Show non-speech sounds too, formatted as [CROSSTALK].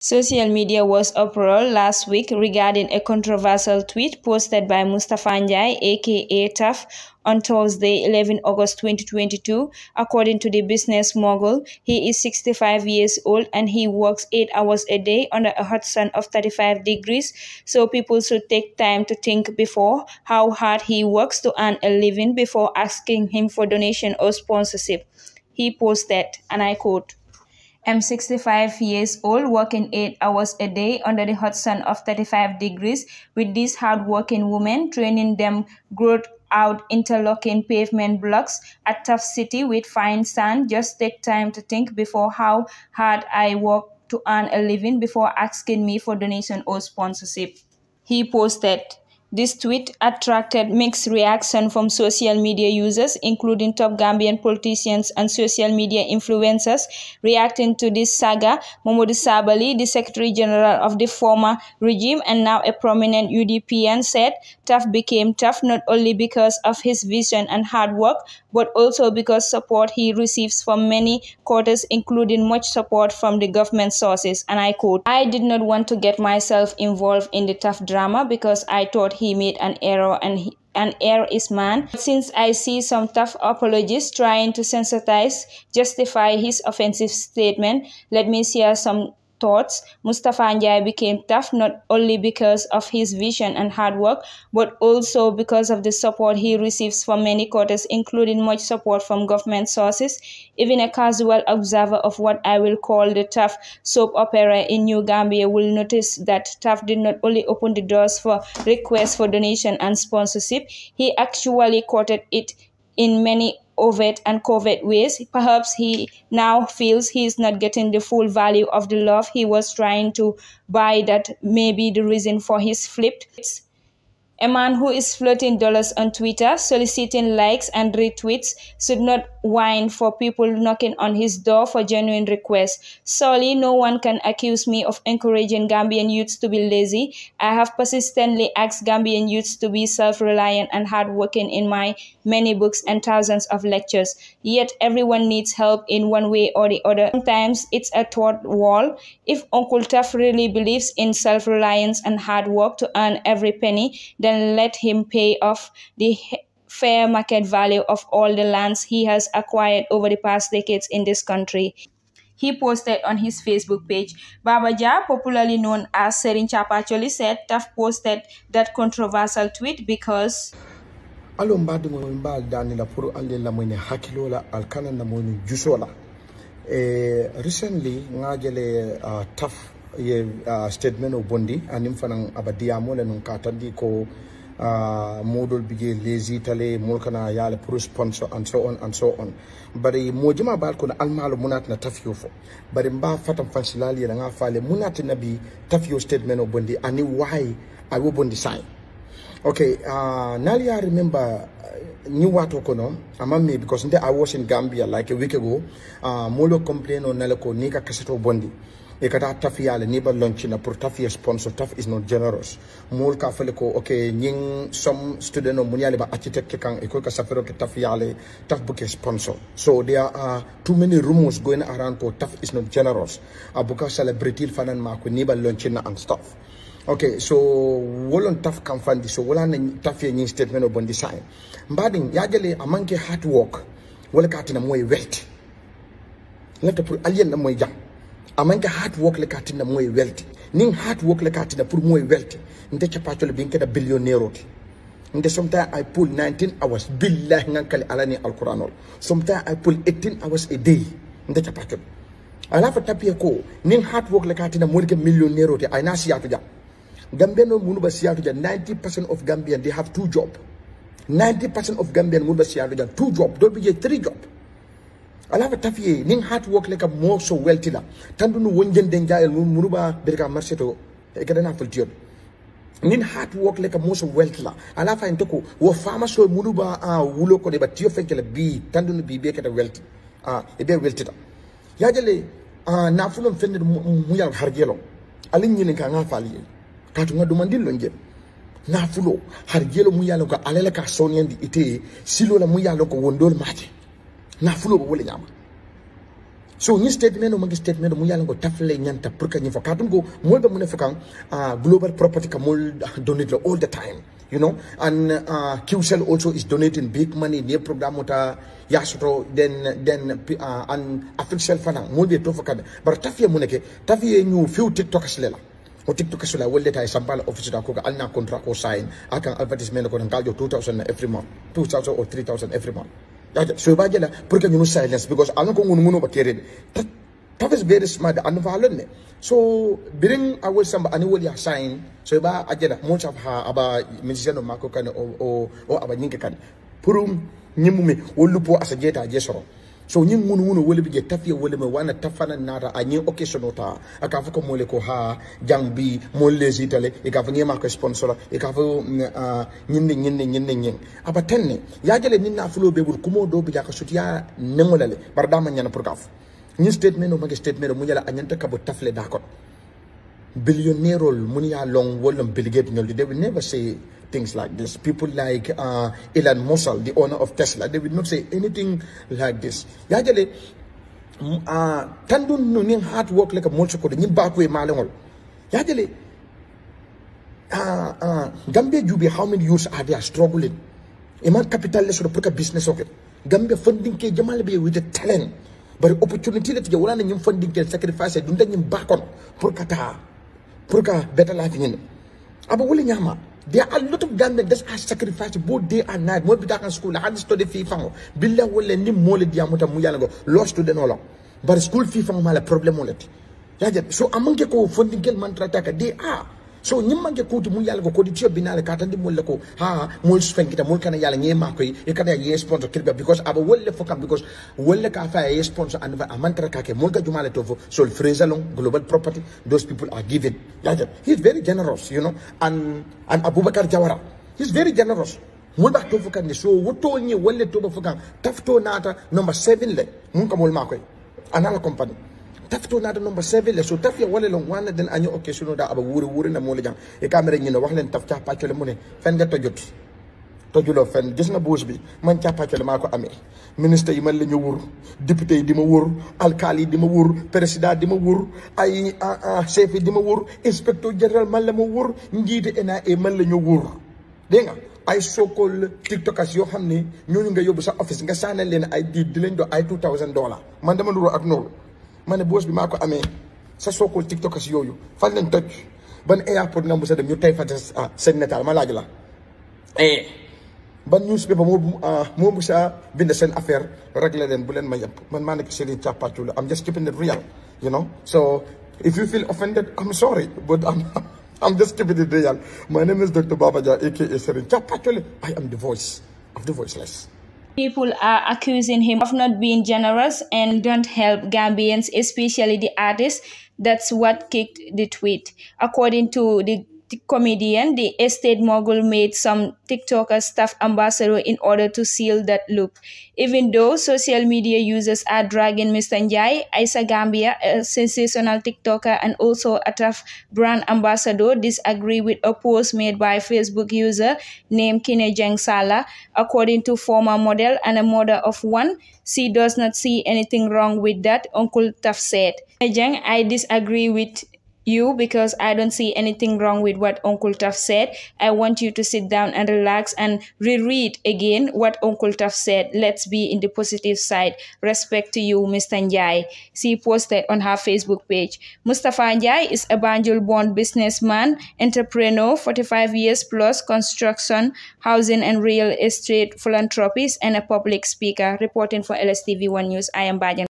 Social media was uproar last week regarding a controversial tweet posted by Mustafa Njai, aka Tuff, on Thursday, 11 August 2022. According to the business mogul, he is 65 years old and he works 8 hours a day under a hot sun of 35 degrees. So people should take time to think before how hard he works to earn a living before asking him for donation or sponsorship. He posted, and I quote, i am 65 years old, working 8 hours a day under the hot sun of 35 degrees with these hardworking women, training them growth out interlocking pavement blocks at tough city with fine sand. Just take time to think before how hard I work to earn a living before asking me for donation or sponsorship. He posted. This tweet attracted mixed reaction from social media users, including top Gambian politicians and social media influencers. Reacting to this saga, Mamadou Sabali, the Secretary General of the former regime and now a prominent UDPN, said Taf became tough not only because of his vision and hard work, but also because support he receives from many quarters, including much support from the government sources. And I quote, I did not want to get myself involved in the tough drama because I thought he made an error and he, an error is man. Since I see some tough apologists trying to sensitize, justify his offensive statement, let me share some thoughts, Mustafa Njai became tough not only because of his vision and hard work, but also because of the support he receives from many quarters, including much support from government sources. Even a casual observer of what I will call the tough soap opera in New Gambia will notice that tough did not only open the doors for requests for donation and sponsorship, he actually quoted it in many overt and covert ways. Perhaps he now feels he is not getting the full value of the love he was trying to buy. That may be the reason for his flipped a man who is floating dollars on Twitter, soliciting likes and retweets, should not whine for people knocking on his door for genuine requests. Surely no one can accuse me of encouraging Gambian youths to be lazy. I have persistently asked Gambian youths to be self reliant and hardworking in my many books and thousands of lectures. Yet everyone needs help in one way or the other. Sometimes it's a thought wall. If Uncle Tuff really believes in self reliance and hard work to earn every penny, then then let him pay off the fair market value of all the lands he has acquired over the past decades in this country. He posted on his Facebook page. Babaja, popularly known as Serin Chapacholi, said "Tough posted that controversial tweet because dani la la alkana na jusola eh, recently ngajele ah, tough ye uh, statement o bondi anin fanan abadiyamo le nun ka tandi ko uh, modol bije lazy tale mulkana yale pro sponsor and so on and so on bari mojima bal kono almalo munat na tafiyo fo bari mba fatam fansilali la nga fale munat nabi tafiyo statement o bondi ani why i will bondi sign okay uh, nali i remember uh, new wato kono amami because nde i was in gambia like a week ago uh, molo complain on nalako nika kaseto bondi e kata taf yale neighbor ba launchina pour taf sponsor taf is not generous mol ka fele ko ok nying some student mun yale ba architect kan e ko ka safero ke taf yale taf bu ke sponsor so there are too many rumors going around ko taf is not generous abuka celebrity fanan ma ko ni ba launchina and stuff okay so wolon taf kan fandi so wala na taf ye nying statement o bondi sign mbading yajele amanke hard work wala katina moy wet nata pour alien na moy jang amanke hard work le katina moy wealthy. ning hard work le katina pour moy wealthy. nde chapacho le binke da billionaire oti nde sometimes i pull 19 hours billahi ngankali alani alquran sometimes i pull 18 hours a day nde chapacho alafa tapia ko ning hard work le katina moy ke millionaire oti ay nasi yatu ja gambian no munu ba siyatu ja 90% of gambian they have two job 90% of gambian munu ba siyatu ja two job don't be three job ala fa tafiye nin hat work leka mo so weltila tandu no wonjen den jael mun munuba berka marché to eh, e kada na fal tiyob nin hat work leka mo so weltila ala fa entoko wo fama so munuba a ah, wulo ko de batiyo fenkela bi tandu no bi ah, eh, be kada welti a e be weltita yajele a ah, na fulon fende mu yal harjelo alin nyine ka nga fali ka to ngadu mandillo nje na fulo harjelo mu yalo ka alela ka sonyendi ite silo la mu yalo ko wondol mate nafulo bo wala nyama so ñi statement o magi statement mu yalla ngo tafle ñanta pour que ñi fo katum go mol be mu ne fo kan uh, global property ka mol uh, donate all the time you know and uh, qcell also is donating big money near program ta yasuto then then uh, and africell fana mol be to fo kan bar tafiye mu neke tafiye ñu few tiktok slela o tiktok sula wolleta e sambala office da koga alna contrat ko sign akan advertisement ko ngal jo 2000 every month 2000 or 3000 every month so soba jela pour you know silence because I alan ko ngun munu bakere that is very smart and valid so bring away some and will ya sign so ba ajela Much of her aba musician mako kan or o aba nyinga kan purum nyimume wolupo asajeta jesoro so ñing munu munu wole bi je tafiya wole me wana tafana nara a ñi occasion ota aka fa ko mole ko ha jang bi mo lesi tale e ka fa ngi ko sponsor mm, e ka fa ñinde ñinde ñinde ñin aba tenne ya jele ninna fulo be bur kumo do bi jaka sutiya nemolale bar dama ñana pour kaf ñi statement o magi statement mu ñala añanta kabo tafle d'accord billionaire muni ya long wolum bilgate ñol they will never say things like this. People like uh, Elon Musk, the owner of Tesla, they will not say anything like this. Yajale, tando uh, tandu nuning hard work like a multiple, ni bakwe malengol. Yajale, uh, gamba uh, Gambia Jubi, how many youths are there struggling? Iman capitalist or a business okay. Gambia funding ke jamal be with the talent. But opportunity that you want to funding can sacrifice it, don't back on. Purkata, Purka better life in. Abu William. There are a lot of Gambians that are sacrificed both day and night. When people are school, I study FIFA. Billa wole ni mole diamuta muyanago. Lost to the nola. But school FIFA mala problem on it. So among the funding mantra they are so ñimmanke kuutu mun yaala ko koditiyo binale ka tandi mulle ko ha mul fenkita mul kana yaala ñe mako e kada ye sponsor kirba because aba wolle fo kam because wolle ka fa ye sponsor anva amantra ka ke mul ga jumale to So so fresalon global property those people are given like that he's very generous you know and and abubakar jawara he's very generous mulba to fo kan so woto ñe wolle to fo kan tafto nata number 7 le mun ka mul mako anala company taftonaade noon mbo seville so tafi walelon wanna den año okke sunoda aɓa wuuri wuurina muule jam e camére ñino wax len taf capaccole mune fennga tojoti tojuloo fenn gis na bourse bi man capaccole maa ko amee ministre yi man la ñu wóor député yi di ma wóor alkaali yi di ma wóor président di ma uh, wóor uh, ay chef yi di ma wóor inspecteur général man la ma wóor njiite NIA man la ñu wóor dégg nga ay sokol tiktokers yoo xam ne ñooñu nga yóbbu sax office nga sànnal leen ay diit di leen do ay two thousand dollars man dama nuroo ak noonu man ne boos bi maa ko amee sa sookul tiktokers yooyu fan lañ toj ban airport nga mos a dem ñu tey fa ah seen netaal ma laaj la eh ban newspaper moo ah, moo mos a ah, bind seen affaire réglé leen bu leen ma yëpp man maa nekk Serigne i am just keeping it real you know so if you feel offended I'm sorry but I'm [LAUGHS] I'm just keeping it real my name is Dr Baba Jah aka Serin Thiapachoula I am the voice of the voiceless. People are accusing him of not being generous and don't help Gambians, especially the artists. That's what kicked the tweet. According to the comedian, the estate mogul made some TikTok as staff ambassador in order to seal that loop. Even though social media users are dragging Mr. Njai, Isa Gambia, a sensational TikToker and also a tough brand ambassador, disagree with a post made by Facebook user named Kine Jeng Sala. According to former model and a mother of one, she does not see anything wrong with that, Uncle Tough said. I disagree with you because I don't see anything wrong with what Uncle Tuff said. I want you to sit down and relax and reread again what Uncle Tuff said. Let's be in the positive side. Respect to you, Mr. Njai. She posted on her Facebook page. Mustafa Njai is a Banjul-born businessman, entrepreneur, 45 years plus, construction, housing and real estate philanthropist, and a public speaker. Reporting for LSTV1 News, I am Bajan.